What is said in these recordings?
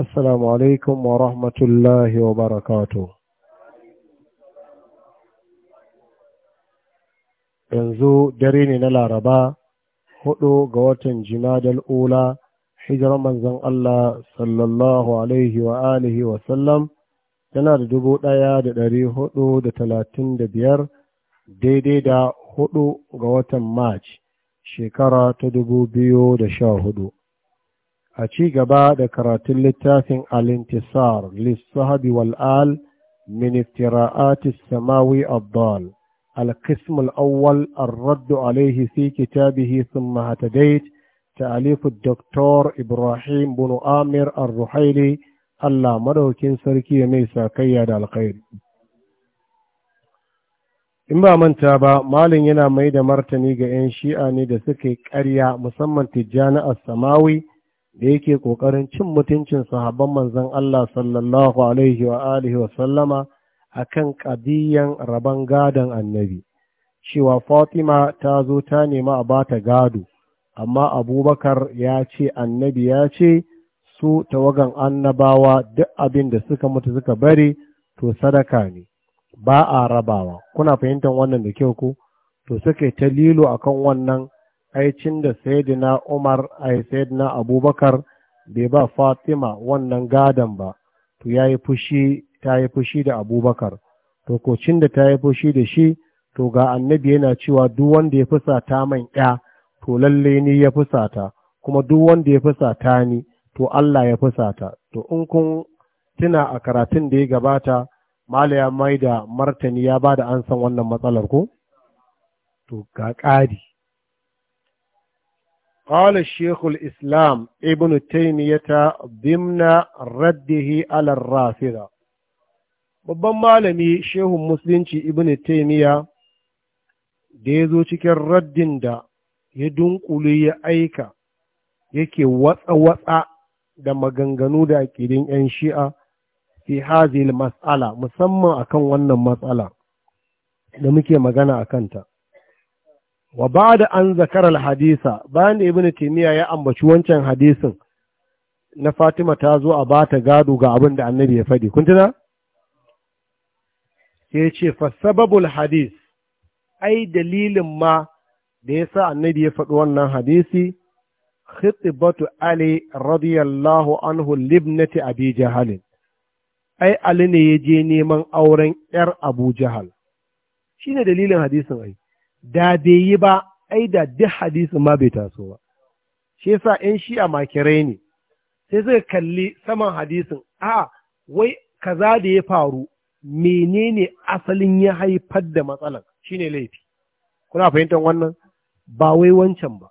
السلام عليكم ورحمة الله وبركاته yanzu dare ne na laraba hudu ga watan jimadal ula hijirar manzon Allah sallallahu alaihi tana da dubu ɗaya da dari hudu da talatin da biyar daidai da hudu ga watan march shekara ta dubu biyu da sha hudu a ci gaba da karatun littafin al-intisar lissahabi wal'al min iftira'ati samawi alaihi القسم الأول الرد عليه في كتابه ثم هتديت تأليف الدكتور إبراهيم بن آمر الرحيلي ya mai سركي ميسا كياد الخير in ba manta ba malin yana mai da martani ga 'yan shi'a ne da suke ƙarya musamman tijjani a samawi da yake ƙoƙarin cin mutuncin sahabban manzon Allah sallallahu alaihi wa alihi wa sallama akan ƙadiyyan rabon gadon annabi cewa Fatima ta zo ta nemi a bata gado amma Abubakar ya ce annabi ya ce su tawagan annabawa duk abin da suka mutu suka bari to sadaka ne ba a rabawa kuna fahimtar wannan da kyau ko to suka ta lilo akan wannan aicin da sayyidina Umar ai sayyidina Abubakar bai ba Fatima wannan gadon ba to yayi fushi ta yi fushi da Abubakar to kocin da ta yi fushi da shi to ga annabi yana cewa duk wanda ya fusata man ya to lalle ni ya fusata kuma duk wanda ya fusata ni to Allah ya fusata to in kun tuna a karatun da ya gabata mala ya mai da martani ya ba da an san wannan matsalar ko to ga ƙari قال الشيخ الإسلام ابن تيمية ضمن رده على الرافضة babban malami shehun musulunci ibn taimiya da ya zo cikin raddin da ya dunkule ya aika yake watsa-watsa da maganganu da aƙidin 'yan shi'a fi hazil mas'ala musamman akan wannan matsala da muke magana a kanta wa ba da an zakarar hadisa bayan da ibn taimiyya ya ambaci wancan hadisin na fatima ta zo a ba ta gado ga abin da annabi ya faɗi kun tuna sai ce fasababul hadis ai dalilin ma da ya sa annabi ya faɗi wannan hadisi khitibatu ali radiyallahu anhu libnati abi jahalin ai ali ne ya je neman auren yar abu jahal shine dalilin hadisin ai da bai yi ba ai da duk hadisin ma bai taso ba shi yasa ƴan shi'a makirai ne sai suka kalli saman hadisin a wai kaza da ya faru menene asalin ya haifar da matsalan ne laifi kuna fahimtar wannan ba wai wancan ba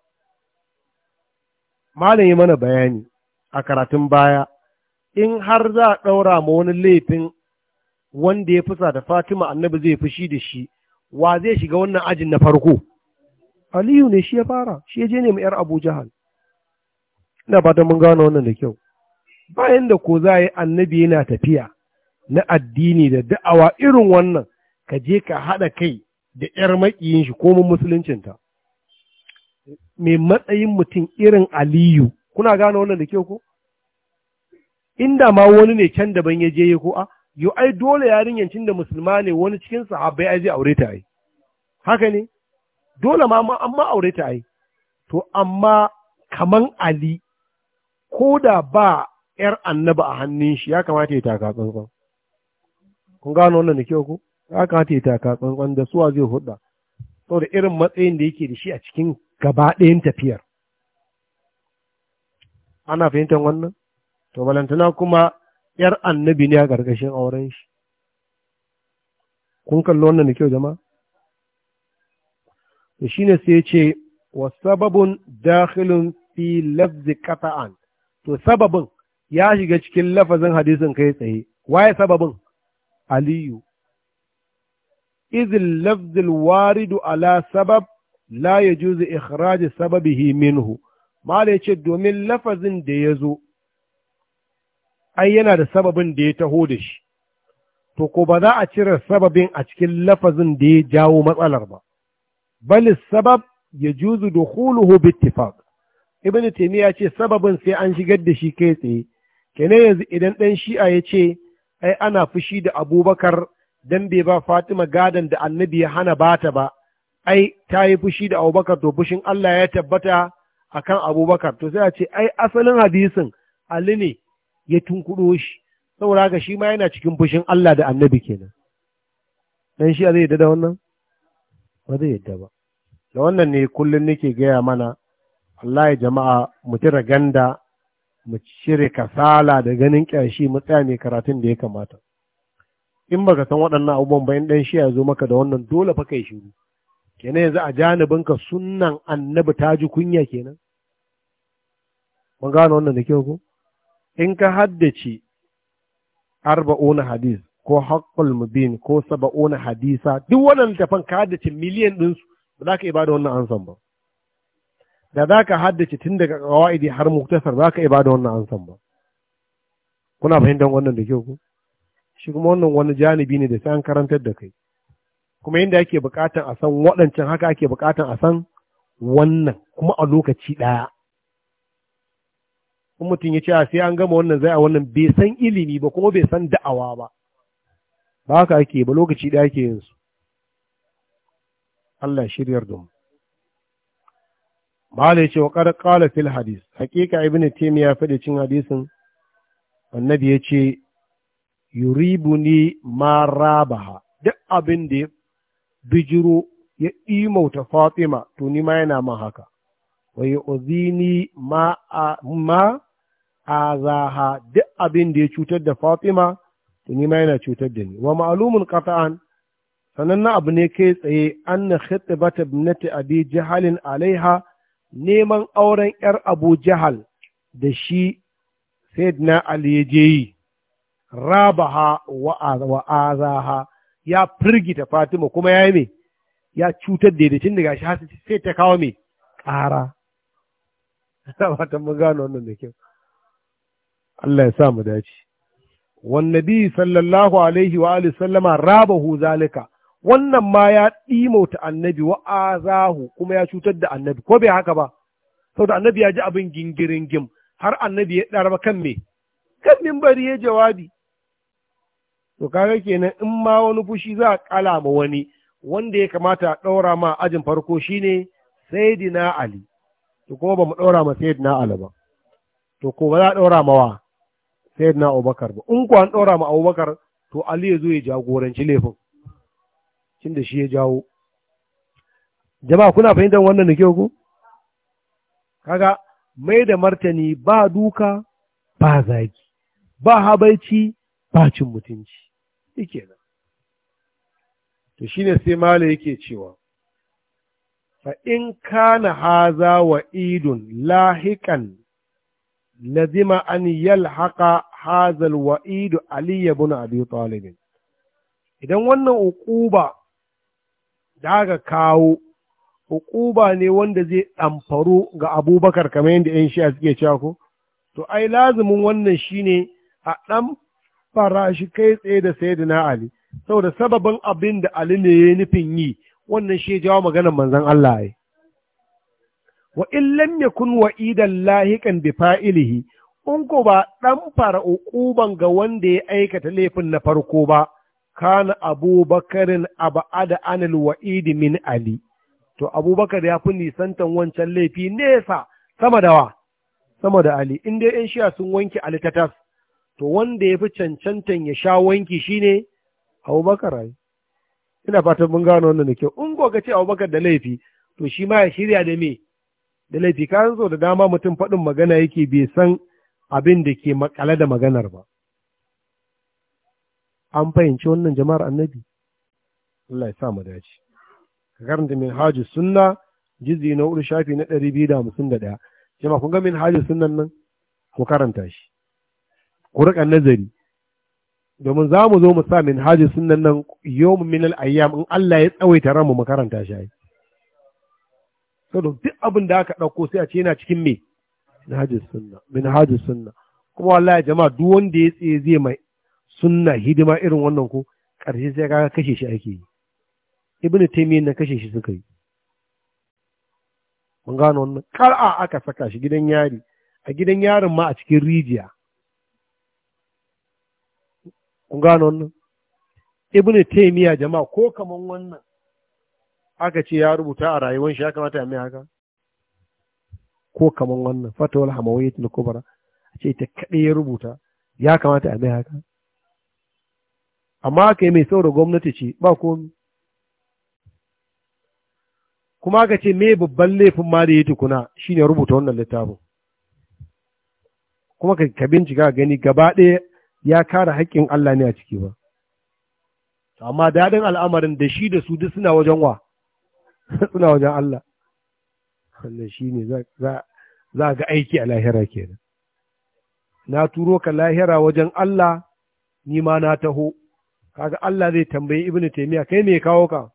malam yi mana bayani a karatun baya in har za a ɗaura ma wani laifin wanda ya fusa da Fatima annabi zai fushi da shi wa zai shiga wannan ajin na farko aliyu ne shi ya fara shi ya je ne mu yar abu jahal ina fatan mun gano wannan da kyau bayan da ko za yi annabi yana tafiya na addini da da'awa irin wannan ka je ka haɗa kai da ‘yar maƙiyin shi komin musuluncinta mai matsayin mutum irin aliyu kuna gane wannan da kyau ko inda ma wani ne can daban ya je ya ko a ah, yo ai dole yarinyar cin da musulma ne wani cikin sahabbai ai zai aure ta ai haka ne dole ma amma aure ta ai to amma kaman ali ko da ba ‘yar annaba a hannun shi ya kamata ya taka tsantsan. Kun gano wannan da kyau ku? Ya kamata ya taka tsantsan da suwa zai hudda, saboda irin matsayin da yake da shi a cikin gaba ɗayan tafiyar. Ana fahimtar wannan? To, balantana kuma yar annabi ne a ƙarƙashin auren shi kun kallo wannan da kyau jama'a shi ne sai ce wa sababun dakilin fi lafzi kata'an, to sababin ya shiga cikin lafazin hadisin kai tsaye waye sababin aliyu izin wari waridu ala sabab la yajuzu ikhraji sababihi minhu mala ce domin lafazin da ya zo ai yana da sababin da ya taho da shi to ko ba za a cire sababin a cikin lafazin da ya jawo matsalar ba bal sabab ya juzu huluhu bittifak. Ibn ibnu ya ce sababin sai an shigar da shi kai tsaye kenan yanzu idan ɗan shi'a ya ce ai ana fushi da abubakar dan bai ba fatima gadon da annabi ya hana bata ba ai ta yi fushi da abubakar to fushin allah ya tabbata akan abubakar to sai a ce ai asalin hadisin ali ne ya tunkuɗo shi saboda haka shi ma yana cikin fushin Allah da annabi kenan dan shi zai yadda da wannan ba zai yadda ba da wannan ne kullum nake gaya mana Allah ya jama'a mu tira ganda mu cire kasala da ganin ƙyashi mu tsaya mai karatun da ya kamata in baka san waɗannan abubuwan ba in ɗan shi ya zo maka da wannan dole fa kai shiru kenan yanzu a janibinka sunnan annabi ta ji kunya kenan mun gano wannan da kyau ko in ka haddace arba'una hadis ko haƙƙul mubin ko saba'una hadisa duk wannan littafan ka haddace miliyan ɗinsu ba za ka ibada bada wannan ansan ba da za ka haddace tun daga ƙawa'idi har muktasar za ka ibada bada wannan ansan ba kuna fahimtar wannan da kyau ku shi kuma wannan wani janibi ne da sai an karantar da kai kuma yadda ake bukatan a san waɗancan haka ake bukatan a san wannan kuma a lokaci ɗaya in mutum ya ce a sai an gama wannan zai a wannan bai san ilimi ba kuma bai san da'awa ba ba haka ake ba lokaci da ake yin su Allah shiryar da mu Malai ce wa ƙara qala fil hadis haqiqa ibnu taymiya fadi cin hadisin annabi ya ce yuribuni ma rabaha duk abin da ya bijiro ya imauta fatima to ni ma yana man haka wa yu'zini ma ma azaha duk abin da ya cutar da Fatima to ni ma yana cutar da ni wa ma'lumun qata'an sanan na abu ne kai tsaye anna khitbat ibnati abi jahalin alaiha neman auren yar abu jahal da shi sayyidina ali ya je yi rabaha wa azaha ya firgita fatima kuma ya yi me ya cutar da tun daga shi sai ta kawo me ƙara. Fatan mu gano wannan da kyau. Allah ya sa mu dace wan nabi sallallahu alaihi wa alihi sallama rabahu zalika wannan ma ya ɗimauta annabi wa azahu kuma ya cutar da annabi ko bai haka ba saboda annabi ya ji abin gingirin gim har annabi ya daraba kan me kan mimbari ya jawabi to kaga kenan in ma wani fushi za a kala ma wani wanda ya kamata a ɗaura ma ajin farko shine sayyidina ali to kuma ba mu ɗaura ma sayyidina ali ba to ko ba za a ɗaura ma wa na abubakar ba in ku an ɗora ma abubakar to ali ya zo ya jagoranci laifin cin da shi ya jawo jama'a kuna fahimtar wannan da ke ku kaga mai da martani ba duka ba Zaki, ba habaici ba cin mutunci yake nan to shine sai mala yake cewa fa in kana haza wa idun lahiqan lazima an yalhaqa hazal wa'idu ali ibn abi talib idan wannan uquba daga kawo uquba ne wanda zai ɗamfaru ga abubakar kamar yadda yan shi'a suke cewa ko to ai lazumin wannan shine a ɗan farashi kai tsaye da sayyidina ali saboda sabbin abin da ali ne ya nufin yi wannan shi ya jawo maganar manzon Allah ai wa in lam yakun wa'idan lahiqan bi fa'ilihi in ko ba dan fara uquban ga wanda ya aikata laifin na farko ba kana abubakarin abada anil wa'idi min ali to abubakar ya fi nisantan wancan laifi nesa sama da wa sama da ali in dai yan shiya sun wanke ali tatas to wanda ya fi cancantan ya sha wanki shine abubakar ai ina fatan mun gano wannan da kyau in ko ka ce abubakar da laifi to shi ma ya shirya da me da laifi kayan so da dama mutum faɗin magana yake bai san abin da ke makale da maganar ba an fahimci wannan jama'ar annabi Allah ya sa mu dace ka karanta min hajji sunna jizi na hudu shafi na ɗari biyu da hamsin da ɗaya jama'a kun ga minhaji sunna nan ku karanta shi ku riƙa nazari domin za mu zo mu sa minhaji sunna nan yau min al ayyam in Allah ya tsawaita ran mu karanta shi saboda duk abin da aka ɗauko sai a ce yana cikin me min hajji minhajus sunna kuma wallahi jama'a duk wanda ya tsaye zai mai sunna hidima irin wannan ko ƙarshe sai ka kashe shi ake yi ibnu taymiyyah na kashe shi suka yi mun gano wannan kar'a aka saka shi gidan yari a gidan yarin ma a cikin rijiya mun gano wannan ibnu a jama'a ko kaman wannan aka ce ya rubuta a rayuwan shi ya kamata ya mai haka ko kaman wannan fatawar hamawiyyat na kubra a ce ta kaɗai ya rubuta ya kamata a mai haka amma aka yi mai saura gwamnati ce ba komi kuma aka ce me babban laifin ma da ya tukuna shi ne rubuta wannan littafin kuma ka bincika gani gaba ɗaya ya kare haƙƙin Allah ne a ciki ba amma daɗin al'amarin da shi da su duk suna wajen wa suna wajen Allah wannan shi ne za ga aiki a lahira kenan na turo ka lahira wajen Allah ni ma na taho kaga Allah zai tambayi ibnu taimiya kai me kawo ka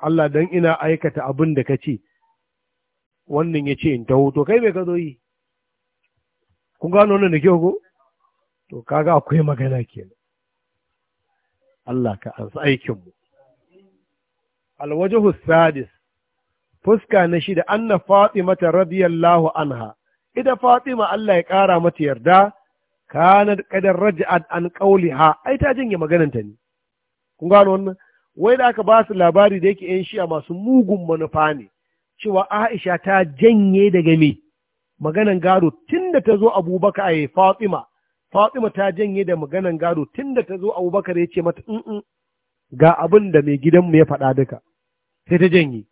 Allah dan ina aikata abin da ce, wannan ya ce in taho to kai me ka zo yi kun gano wannan da kyau ko to kaga akwai magana kenan Allah ka ansa aikinmu alwajahu sadis fuska na shida anna mata radiyallahu anha Idan fatima Allah ya kara mata yarda kana kadar raj'at an ha. ai ta janye magananta ne kun gano wannan wai da aka ba su labari da yake yan shi'a masu mugun manufa ne cewa Aisha ta janye da gami, maganan gado tunda ta zo Abubakar ai Fatima Fatima ta janye da maganan gado tunda ta zo Abubakar ya ce mata in ga abinda da mai gidanmu ya faɗa duka sai ta janye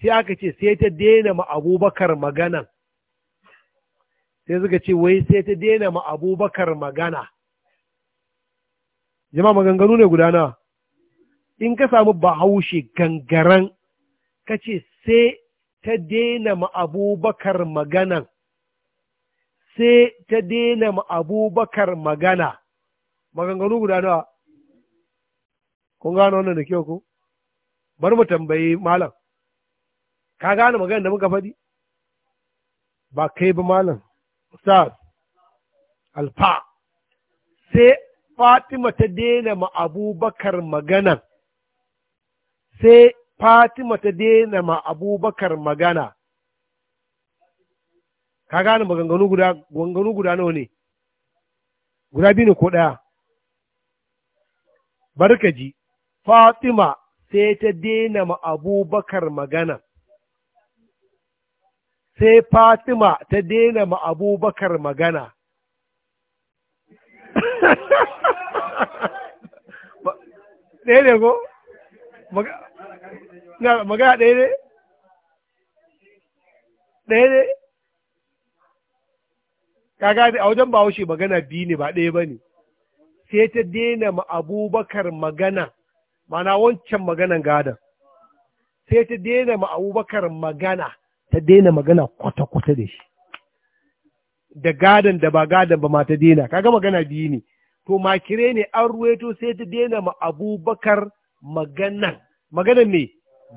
sai aka ce sai ta daina ma abubakar magana sai suka ce wai sai ta daina ma abubakar magana jama maganganu ne gudana in ka samu bahaushe gangaran ka ce sai ta daina ma abubakar magana sai ta daina ma abubakar magana maganganu gudana kun gano wannan da kyau ko bari mu tambayi malam ka gane magana da muka faɗi ba kai ba malam ustaz alfa sai fatima ta daina ma abubakar magana sai fatima ta daina ma abubakar magana ka gane maganganu guda ganganu guda nawa ne guda biyu ne ko ɗaya Barka ji. fatima sai ta dena ma abubakar magana sai fatima ta dena ma abubakar magana ɗaya ne ko? magana ɗaya ne? ɗaya ne? gani a wajen bahaushe magana biyu ne ba ɗaya ba ne sai ta dena ma abubakar magana mana wancan maganan gadon sai ta daina ma abubakar magana ta daina magana kwata-kwata da shi da gadon da ba gadon ba ma ta daina kaga magana biyu ne to makire ne an ruweto sai ta daina ma abubakar maganan maganan ne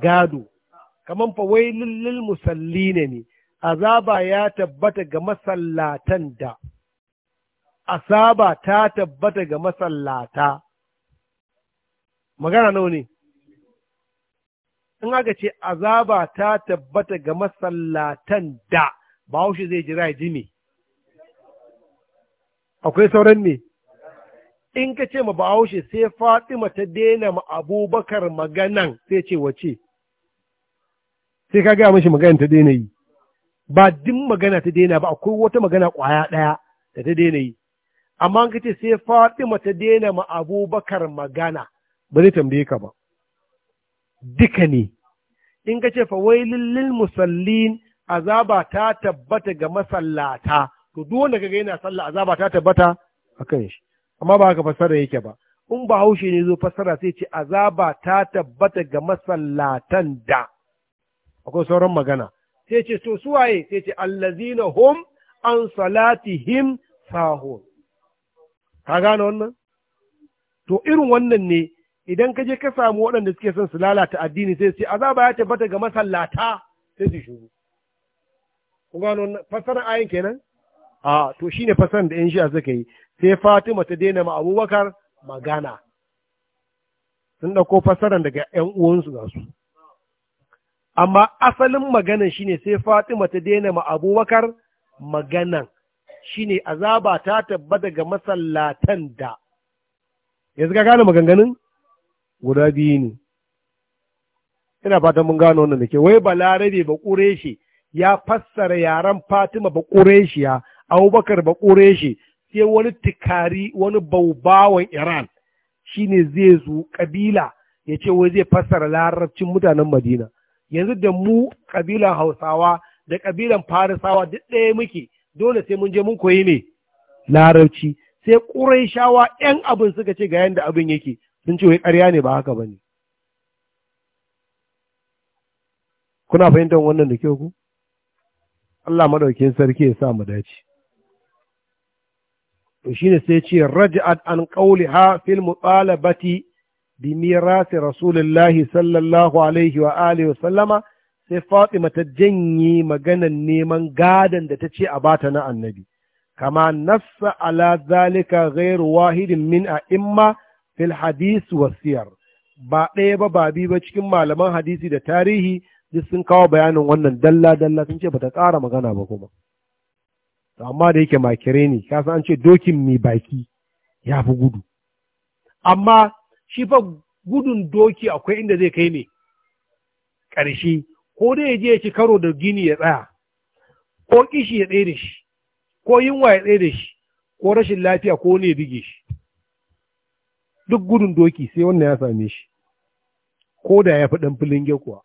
gado kamar fa wai lullul musalli ne ne azaba ya tabbata ga masallatan da asaba ta tabbata ga masallata magana nawa ne in aka ce azaba ta tabbata ga masallatan da bahaushe zai jira ji ne akwai sauran ne in ka ce ma bahaushe sai fatima ta daina ma abubakar maganan sai ce wace sai ka gaya mashi magana ta daina yi ba din magana ta daina ba akwai wata magana kwaya ɗaya da ta daina yi amma ka ce sai fatima ta daina ma abubakar magana ba zai tambaye ka ba duka ne in ka ce fa wai lillin musallin azaba ta tabbata ga masallata to duk wanda kaga yana sallah azaba ta tabbata kan shi amma ba haka fassara yake ba in ba haushe ne zo fassara sai ce azaba ta tabbata ga masallatan da akwai sauran magana sai ce to suwaye sai ce allazina hum an salatihim sahun ka gane wannan to irin wannan ne idan ka je ka samu waɗanda suke son su lalata addini sai sai azaba ya tabbata ga masallata sai su shigo ku gano fasara ayin kenan a to shine fasaran da yan shi'a suka yi sai Fatima ta daina ma Abubakar magana sun ɗauko fasaran daga ƴan uwansu ga su amma asalin maganan shine sai Fatima ta daina ma Abubakar maganan shine azaba ta tabbata ga masallatan da yanzu ka gane maganganun guda biyu ne ina fatan mun gano wannan da ke wai balarabe ba ƙureshi ya fassara yaren fatima ba ya, abubakar ba ƙureshi sai wani tikari wani baubawan iran shi ne zai zo ƙabila. ya ce wai zai fassara larabcin mutanen madina yanzu da mu ƙabilan hausawa da ƙabilan farisawa duk ɗaya muke dole sai mun je mun koyi ne larabci sai ƙuraishawa 'yan abin suka ce ga yadda abin yake sun ce wai ƙarya ne ba haka ba ne kuna fahimtar wannan da kyau ku Allah madaukin sarki ya sa mu dace to shi ne sai ce raj'at an qawliha fil mutalabati bi mirasi rasulillahi sallallahu alaihi wa alihi sallama sai Fatima mata janye maganan neman gadon da ta ce a bata na annabi kama nassa ala zalika ghairu wahidin min a imma. fil hadis wasiyar ba ɗaya ba ba bi ba cikin malaman hadisi da tarihi duk sun kawo bayanin wannan dalla dalla sun ce bata ƙara magana ba kuma to amma da yake makire ne ka san an ce dokin mai baki ya fi gudu amma shi fa gudun doki akwai inda zai kai ne ƙarshe ko dai je ya ci karo da gini ya tsaya ko kishi ya tsaye da shi ko yunwa ya tsaye da shi ko rashin lafiya ko ne ya bige shi duk gudun doki sai wanda ya same shi ko da ya fi ɗan filin kuwa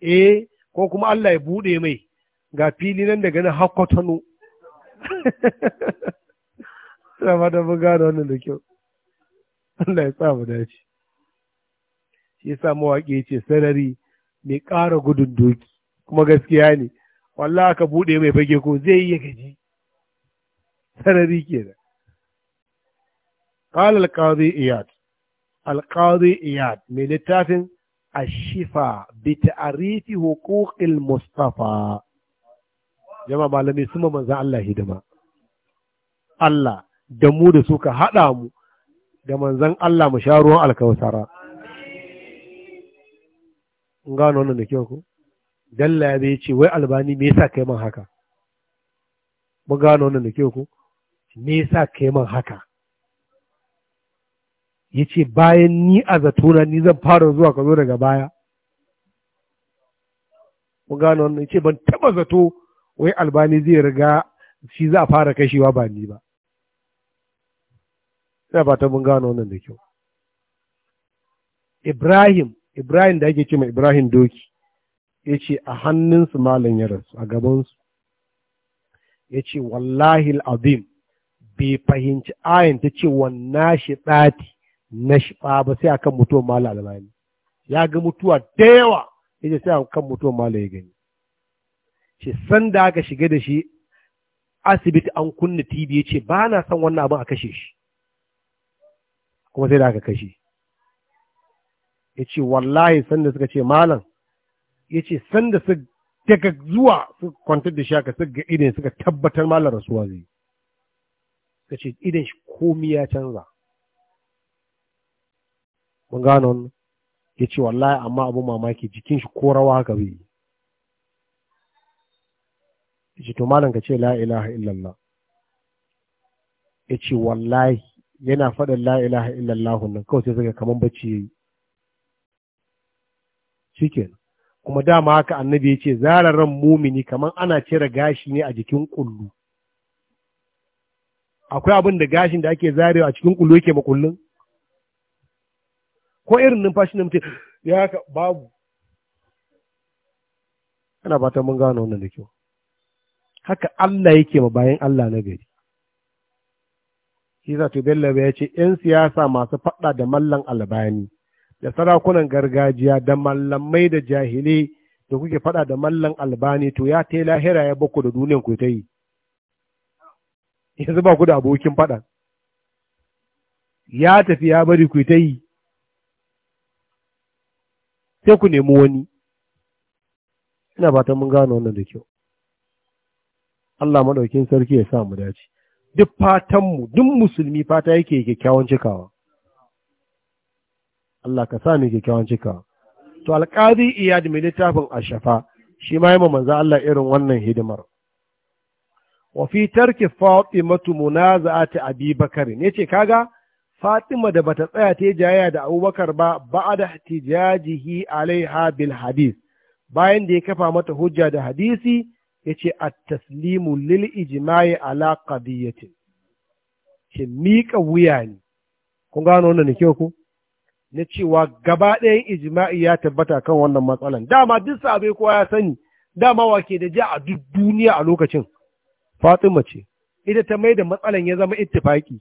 eh ko kuma Allah ya buɗe mai ga fili nan daga nan hakkotano Sama da buga gane wannan da kyau Allah ya sa dace shi yasa mawaƙi ce sarari mai ƙara gudun doki kuma gaskiya ne wallah aka buɗe mai fage ko zai iya gaji sarari kenan قال القاضي إياد القاضي إياد من لتاف الشفاء بتعريف حقوق المصطفى جماعة معلمي سمى من ذا الله هدما الله دمو دسوك هدامو da manzan Allah mu sha ruwan alkawasara. In gano wannan da kyau ku? Dalla ya ce, wai albani me yasa kai min haka? Mu gano wannan da kyau ku? Me yasa kai man haka? ya ce bayan ni a zatona ni zan fara zuwa ka zo daga baya ku gano wannan ce ban taba zato wai albani zai riga shi za a fara kashewa ba ni ba Sai ba ta mun gano wannan da kyau ibrahim ibrahim da ake ce mai ibrahim doki ya ce a hannunsu malam ya rasu a gabansu ya ce wallahi al'adim bai fahimci ayin ta ce wannan shi ɗati nashfa ba sai akan mutuwar mala albani ya ga mutuwa da yawa yace sai akan mutuwar mala ya gani ce san da aka shiga da shi asibiti an kunna TV ya ce ba na son wannan abin a kashe shi kuma sai da aka kashe ya ce wallahi sanda suka ce malam ya ce sanda su daga zuwa su kwantar da shi aka su ga idan suka tabbatar malam rasuwa zai ka ce idan shi komi ya canza mun gano wannan ya ce wallahi amma abin mamaki jikin shi ko rawa haka bai ya ce to malam ka ce la ilaha illallah ya ce wallahi yana faɗin la ilaha illallah nan kawai sai zaga kamar bacci yi. shikenan kuma dama haka annabi ya ce ran mumini kamar ana cire gashi ne a jikin kullu akwai abin da gashin da ake zarewa a cikin kullu yake makullin ko irin numfashi na mutum ya haka babu ana fatan mun gano wannan da kyau haka Allah yake ma bayan Allah na gari shi za to bello ya ce yan siyasa masu faɗa da mallan albani da sarakunan gargajiya da mallamai da jahilai da kuke faɗa da mallan albani to ya ta lahira ya bako da duniyan ku ta yi yanzu ba ku da abokin faɗa ya tafi ya bari ku ta yi sai ku nemi wani ina fatan mun gano wannan da kyau Allah maɗaukin sarki ya sa mu dace duk fatanmu duk musulmi fata yake kyakkyawan cikawa Allah ka sa mu kyakkyawan cikawa to alqazi iyad mai littafin ashafa shi ma manza manzo Allah irin wannan hidimar wa fi tarki fatimatu munaza'ati abi bakari ne ce kaga Fatima da bata tsaya ta jayaya da Abubakar ba ba a da tijajihi alaiha bil hadis bayan da ya kafa mata hujja da hadisi yace at-taslimu lil ijma'i ala qadiyatin ke miƙa wuya ne kun gano wannan ne ku na cewa gaba ɗayan ijima'i ya tabbata kan wannan matsalan dama duk sabe kowa ya sani dama wake da ja a duk duniya a lokacin Fatima ce ita ta mai da matsalan ya zama ittifaki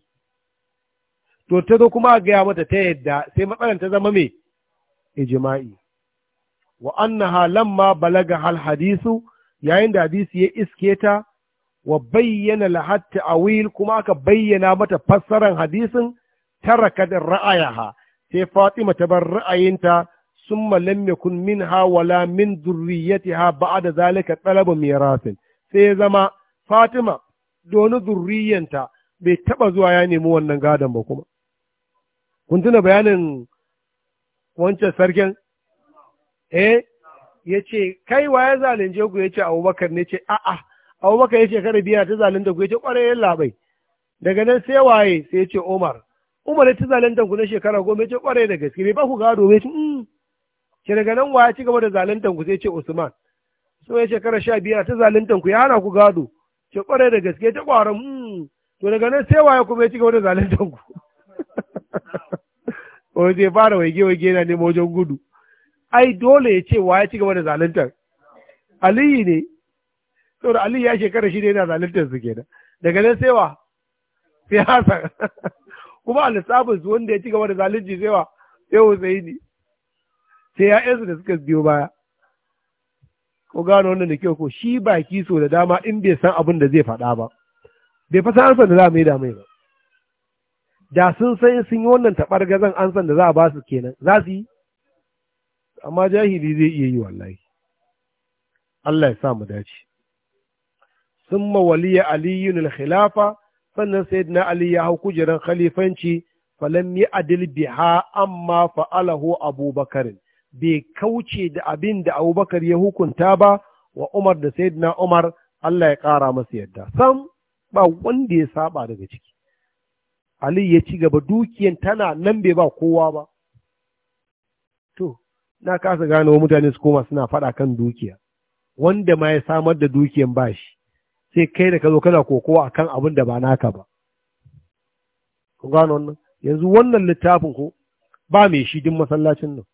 to ta zo kuma a gaya mata ta yadda sai matsalar ta zama mai ijima'i wa annaha lamma balaga hal hadisu yayin da hadisi ya iske ta wa bayyana lahat wil kuma aka bayyana mata fassaran hadisin da ra'ayaha sai Fatima ta bar ra'ayinta summa lam yakun minha wala min dhurriyyatiha ba'da zalika talabu mirasin sai ya zama Fatima doni zurriyanta bai taba zuwa ya nemi wannan gadon ba kuma kun tuna bayanin wancan sarkin eh ya ce kai wa ya zalunce ku ya ce abubakar ne ce a'a abubakar ya ce kada biya ta zalunta ku ya ce ƙwararren labai daga nan sai waye sai ya ce umar umar ya ta zalunta ku na shekara goma ya ce ƙwarai da gaske bai ba ku gado ya ce ce mm. daga nan wa ya ci gaba da zalunta ku sai ce usman so ya shekara sha biyar ta zalunta ku ya hana ku gado ce ƙwarai da gaske ta ƙwaron mm. to daga nan sai waye kuma ya ci gaba da zalunta ku wani zai fara waige-waige yana nemo wajen gudu ai dole ya ce wa ya ci gaba da zaluntar aliyu ne saboda aliyu ya shekara shi ne yana zaluntar su kenan daga nan sai wa sai hasan kuma a lissafin su wanda ya ci gaba da zalunci sai wa sai ya sai ya'yansu da suka biyo baya ko gano wannan da kyau ko shi baki so da dama in bai san abin da zai faɗa ba bai fasa harfar da za mu yi da mai ba da sun san sun yi wannan taɓar gazan an san da za a ba su kenan za su yi amma jahili zai iya yi wallahi Allah ya sa mu dace summa waliya aliyun al-khilafa sannan sayyidina ali ya hau kujerar khalifanci falam yi adil biha amma fa'alahu abubakar bai kauce da abin da abubakar ya hukunta ba wa umar da sayyidina umar Allah ya kara masu yadda sam ba wanda ya saba daga ciki Ali ya ci gaba dukiyan tana nan bai ba kowa ba. To, na kasa gano mutane su koma suna faɗa kan dukiya, wanda ma ya samar da dukiyan ba shi, sai kai da ka zo kana kokowa kan abin da ba naka ba. Ku gano wannan, yanzu wannan littafin ko ba mai shi din masallacin nan.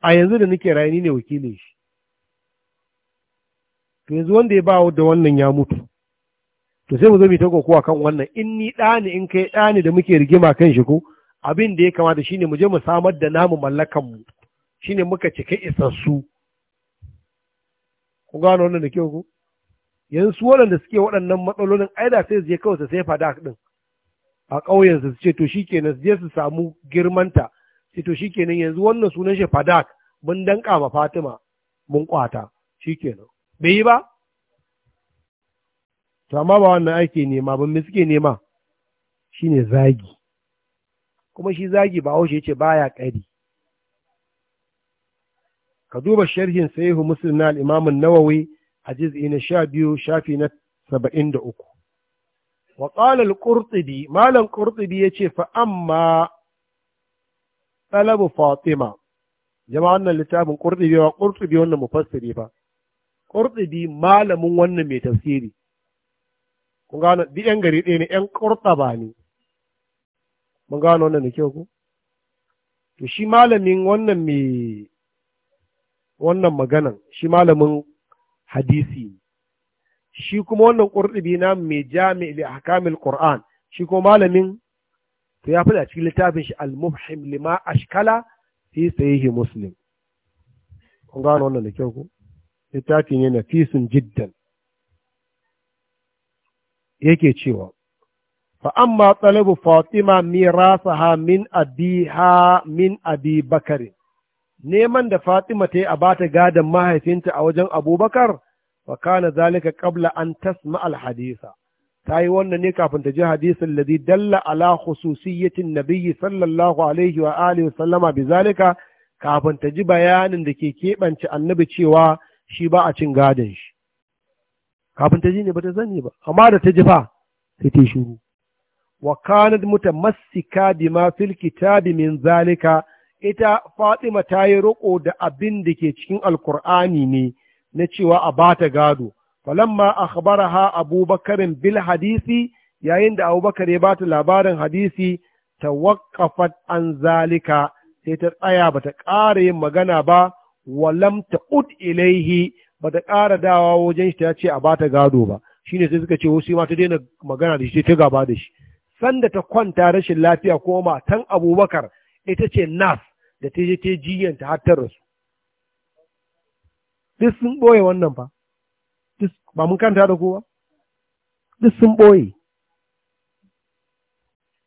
A yanzu da nake rayu ni ne wakilin shi. To yanzu wanda ya ba da wannan ya mutu. to sai mu zo mu ta kuwa kan wannan in ni dani in kai dani da muke rigima kan shi ko abin da ya kamata shine mu je mu samar da namu mallakan mu shine muka cika isassu ku gano wannan da kyau ku yanzu da suke waɗannan matsalolin da sai su je kawai su sai fada din a ƙauyen su ce to shikenan su je su samu girmanta sai to shikenan yanzu wannan sunan shi fadak mun danka ma Fatima mun kwata shikenan bai yi ba to amma ba wannan ake nema ba mai suke nema shine zagi kuma shi zagi ba haushe ce baya ƙari ka duba sharhin sahihu muslim na al-imam an-nawawi a juz'i na 12 shafi na 73 wa qala al-qurtubi malam qurtubi yace fa amma talabu fatima jama'a wannan littafin qurtubi wa qurtubi wannan mufassiri ba qurtubi malamin wannan mai tafsiri kun gano duk yan gari ɗaya ne yan ƙurtaba ne mun gano wannan da kyau ku to shi malamin wannan me wannan maganan shi malamin hadisi shi kuma wannan ƙurɗubi na mai jami'i li ahkamil qur'an shi kuma malamin to ya fada cikin littafin shi al-mufhim lima ashkala fi sahihi muslim kun gano wannan da kyau ku littafin ne na fisun jiddan yake cewa fa amma talabu fatima mirasaha min abiha min abi bakar neman da fatima ta yi a bata gadon mahaifinta a wajen abubakar wa kana zalika qabla an tasma al hadisa ta yi wannan ne kafin ta ji hadisin ladhi dalla ala khususiyatin nabiyyi sallallahu alaihi wa alihi wa sallama bizalika kafin ta ji bayanin da ke keɓance annabi cewa shi ba a cin gadon shi kafin ta ji ne ba ta sani ba amma da ta ji fa sai ta yi shiru wa kanat mutamassika bima fil kitabi min zalika ita Fatima ta yi riƙo da abin da ke cikin Alƙur'ani ne na cewa a ba ta gado, falamma akhbaraha abubakarin bil hadisi yayin da abubakar ya ba ta labarin hadisi ta waƙafat an zalika sai ta tsaya ba ta ƙara yin magana ba walam ta ud ilaihi ba ta ƙara dawa wajen shi ta ce a bata gado ba shine sai suka ce wasu ma ta daina magana da shi ta gaba da shi sanda ta kwanta rashin lafiya ko tan abubakar ita ce nas da ta je ta ta har ta rasu duk sun ɓoye wannan ba, ba mun kanta da kowa duk sun ɓoye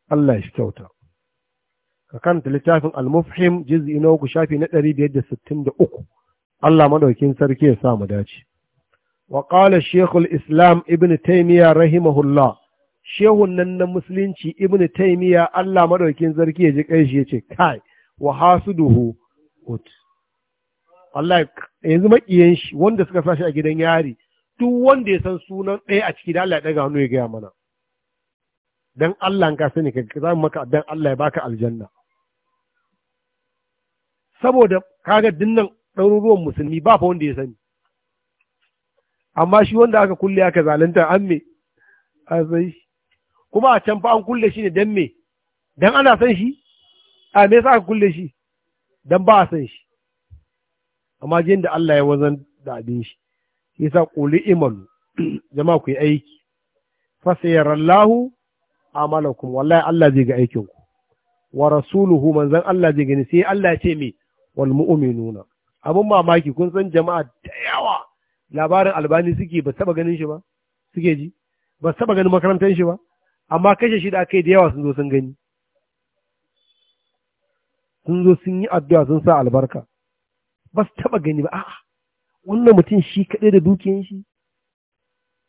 Allah shi kyauta ka kanta littafin al-mufhim juz'i na uku shafi na ɗari biyar da sittin da uku Allah maɗaukin sarki ya sa mu dace. Wa ƙala Shekul Islam Ibn Taimiyya rahimahullah, Shehun nan na Musulunci Ibn Taimiyya Allah maɗaukin sarki ya ji ƙaishi ya ce, Kai, wa hasuduhu ut. Allah yanzu maƙiyan shi wanda suka sa a gidan yari, duk wanda ya san sunan ɗaya a ciki da Allah ya ɗaga hannu ya gaya mana. Dan Allah ka sani ka za maka dan Allah ya baka aljanna. Saboda kaga dinnan ɗaruruwan musulmi ba fa wanda ya sani amma shi wanda aka kulle aka zalunta an me a sai kuma a can fa an kulle shi ne dan me dan ana san shi a me yasa aka kulle shi dan ba a san shi amma jin da Allah ya wazan da abin shi yasa ƙuli imalu jama'a ku yi aiki fa sayarallahu amalakum wallahi Allah zai ga aikin ku wa rasuluhu manzon Allah zai gani sai Allah ya ce me wal mu'minuna abin mamaki kun san jama'a da yawa labarin albani suke ba taba ganin shi ba suke ji ba taba ganin makarantar shi ba amma kashe shi da aka yi da yawa sun zo sun gani sun zo sun yi addu'a sun sa albarka ba su taba gani ba a'a wannan mutum shi kaɗai da dukiyan shi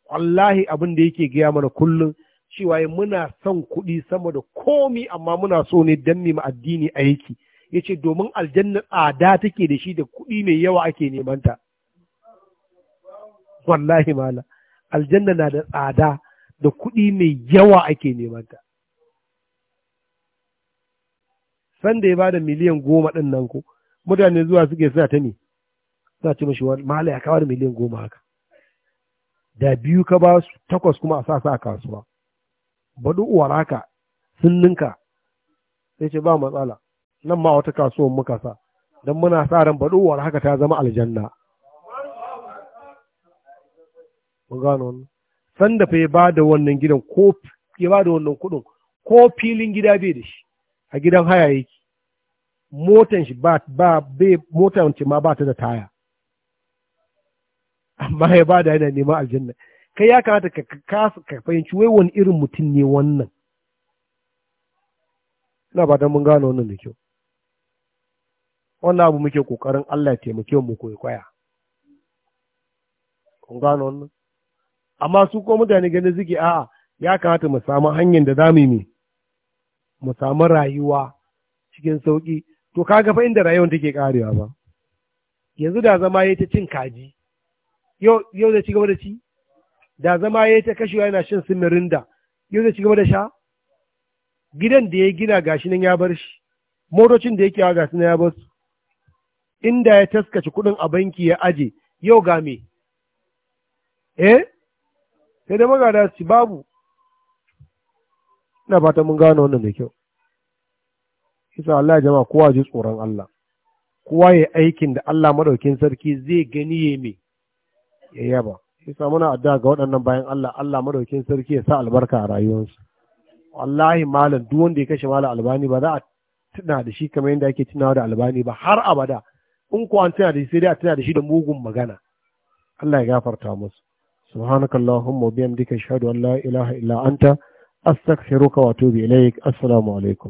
wallahi abin da yake gaya mana kullum cewa muna son kuɗi sama da komi amma muna so ne don mu addini aiki ya ce domin aljanna tsada take da shi da kuɗi mai yawa ake nemanta wallahi mala aljanna na da tsada da kuɗi mai yawa ake nemanta sanda ya bada miliyan goma ɗin nan ko mutane zuwa suke suna ta ne suna ce mashi mala ya kawar miliyan goma haka da biyu ka ba su takwas kuma a sa sa a kasuwa baɗu uwar haka sun ninka sai ce ba matsala nan ma wata kasuwan muka sa don muna sa ran wa haka ta zama aljanna mun gano wannan sanda fa ya ba da wannan gidan ko ya ba da wannan kuɗin ko filin gida bai da shi a gidan haya yake motan shi ba ba bai motan ce ma ba ta da taya amma ya ba da yana neman aljanna kai ya kamata ka ka fahimci wai wani irin mutum ne wannan ina ba don mun gano wannan da kyau wannan abu muke kokarin Allah taimake mu koyi kwaya kun gano wannan amma su ko mutane gani suke a'a ya kamata mu samu hanyar da zamu yi mu samu rayuwa cikin sauki to kaga fa inda rayuwar take karewa ba yanzu da zama yayi ta cin kaji yau yau da cigaba da ci da zama yayi ta kashewa yana shin simirinda yau da cigaba da sha gidan da ya gina gashi nan ya bar shi motocin da yake wa gashi nan ya bar su inda ya taskace kuɗin a banki ya aje yau ga me eh sai da magada su babu ina fata mun gano wannan da kyau isa Allah jama'a kowa ji tsoron Allah kowa ya aikin da Allah madaukin sarki zai gani ya me ya yaba isa muna addu'a ga waɗannan bayan Allah Allah madaukin sarki ya sa albarka a rayuwarsu wallahi malam duk wanda ya kashe malam albani ba za a tuna da shi kamar yadda ake tunawa da albani ba har abada in ko an tana da sai dai a tana da shi da mugun magana Allah ya gafarta musu subhanaka allahumma wa bihamdika ashhadu an la ilaha illa anta astaghfiruka wa atubu ilaik assalamu alaikum